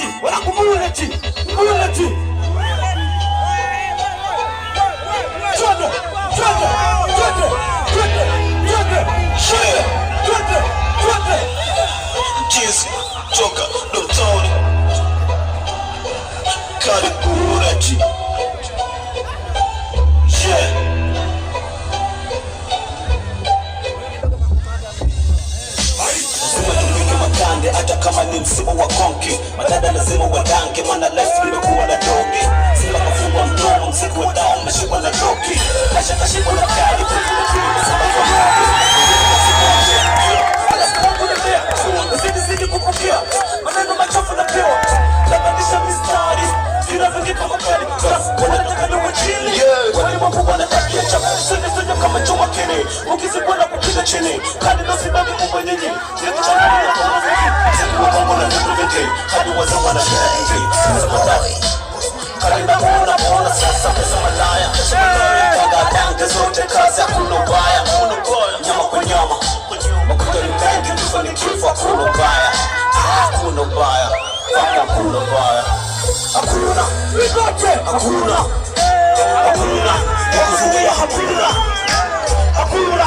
muleti, wanakumuleti, muleti. lazima wadange, maana life limekuwa la doge. Simba kafungwa mdomo, msiku wa damu umeshikwa na doki, kasha kashikwa na kali kama chuma kini ukizibwana kupita chini kadi nosibaki nje, hakuna hakuna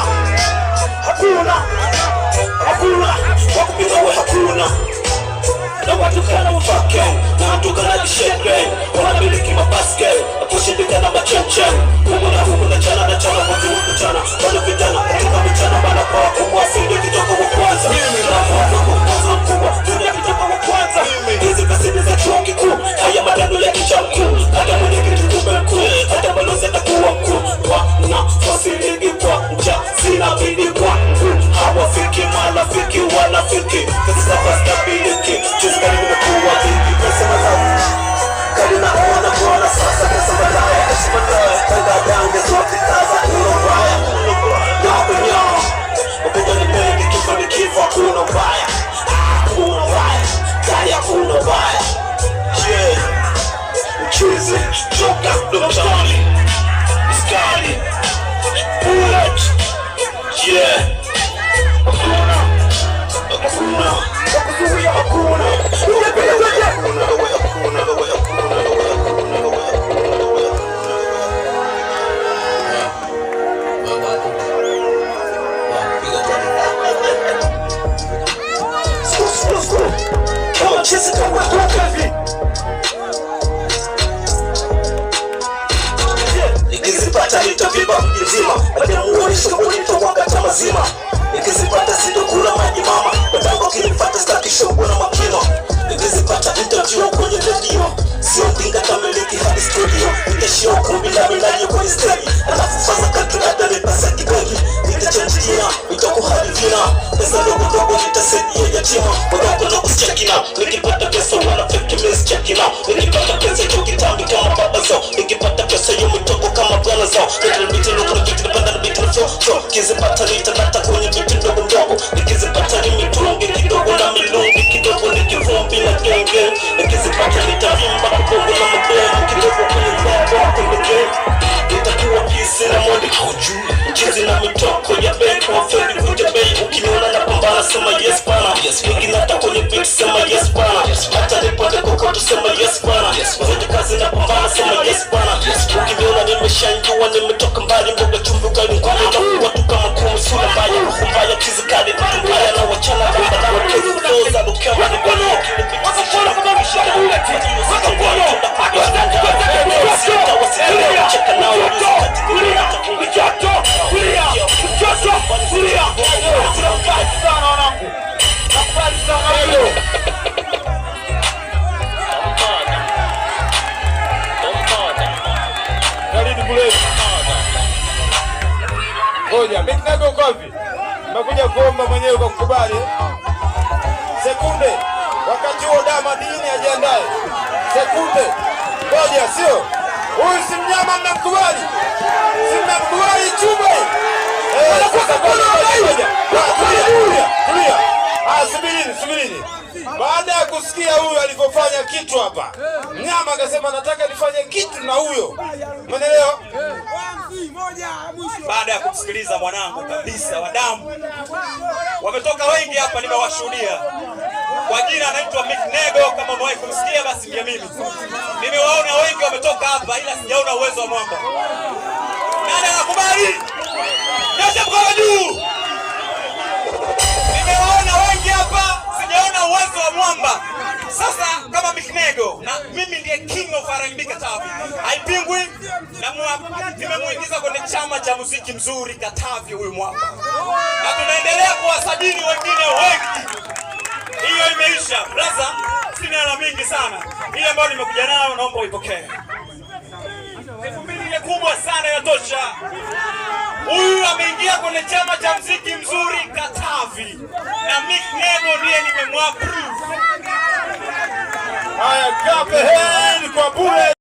hakuna hakuna hakuna hakuna kutokana ni shembe, wanamiliki mabaske kushindikana machemche, huku huku na chana na chana, mwezi huku chana, wana vijana kutoka michana, mara kwa wakubwa sinde kitoko wa na wakubwa kwanza mkubwa, dunia kitoko wa kwanza, hizi kasidi za chuo kikuu, haya matano ya kicha mkuu, hata mwenye kitu kumbe mkuu, hata balozi atakuwa mkuu, kwa na wasiligi kwa nja, sina bidi kwa mkuu, hawafiki marafiki wanafiki, kasi za pastabili mzima, Jamhuri sikukuitwa wakati mzima, nikizipata sitokula maji mama, matango kinipata stakishogwa na makino, nikizipata nitajua kwenye redio, sio mpinga kamiliki hadi studio, nitashia ukumbi na milaje kwenye stegi alafu faza katunada nipasa kibegi, nitachanji jina, nitakuhadi vina, pesa ndogo ndogo nitasaidia yatima, wakati kusikia kina, nikipata pesa la Mombasa Yes bana, ukiniona nimeshanjua nimetoka mbali mboga chumvi ugali ngumi na kuwa tu kama kumi sura mbaya mbaya kizikali mtu mbaya na wachana baba na wakezi doza lukiwa ni bwana wakili Ngoja, Bentinado Kofi. Nimekuja kuomba mwenyewe kwa kukubali. Sekunde. Wakati huo Dama Dini ajiandae. Sekunde. Ngoja, sio. Huyu si mnyama mnamkubali. Si mnamkubali Chube. Eh, tulia. Tulia. Ah, Msubiri. Baada ya kusikia huyo alivyofanya kitu hapa, mnyama akasema nataka nifanye kitu na huyo, umeelewa? Baada ya kumsikiliza mwanangu kabisa, wadamu wametoka wengi hapa, nimewashuhudia kwa jina anaitwa Miknego. Kama umewahi kumsikia basi ndiye mimi. Nimewaona wengi wametoka hapa, ila sijaona uwezo wa mwamba. Nani anakubali? Nyosha mkono juu. kwamba Sasa kama Biknego na mimi ndiye king of R&B Katavi. Haipingwi na nimemuingiza kwenye chama cha muziki mzuri Katavi huyu mwaka. Na tunaendelea kuwasajili wengine wengi. Hiyo imeisha. Brother, sina la mingi sana. Ile ambayo nimekuja nayo naomba uipokee. ile kubwa sana ya tosha. Huyu ameingia kwenye chama cha muziki mzuri Katavi safi na Mick Neno ndiye nimemwaprove. Haya, kape heni kwa bure.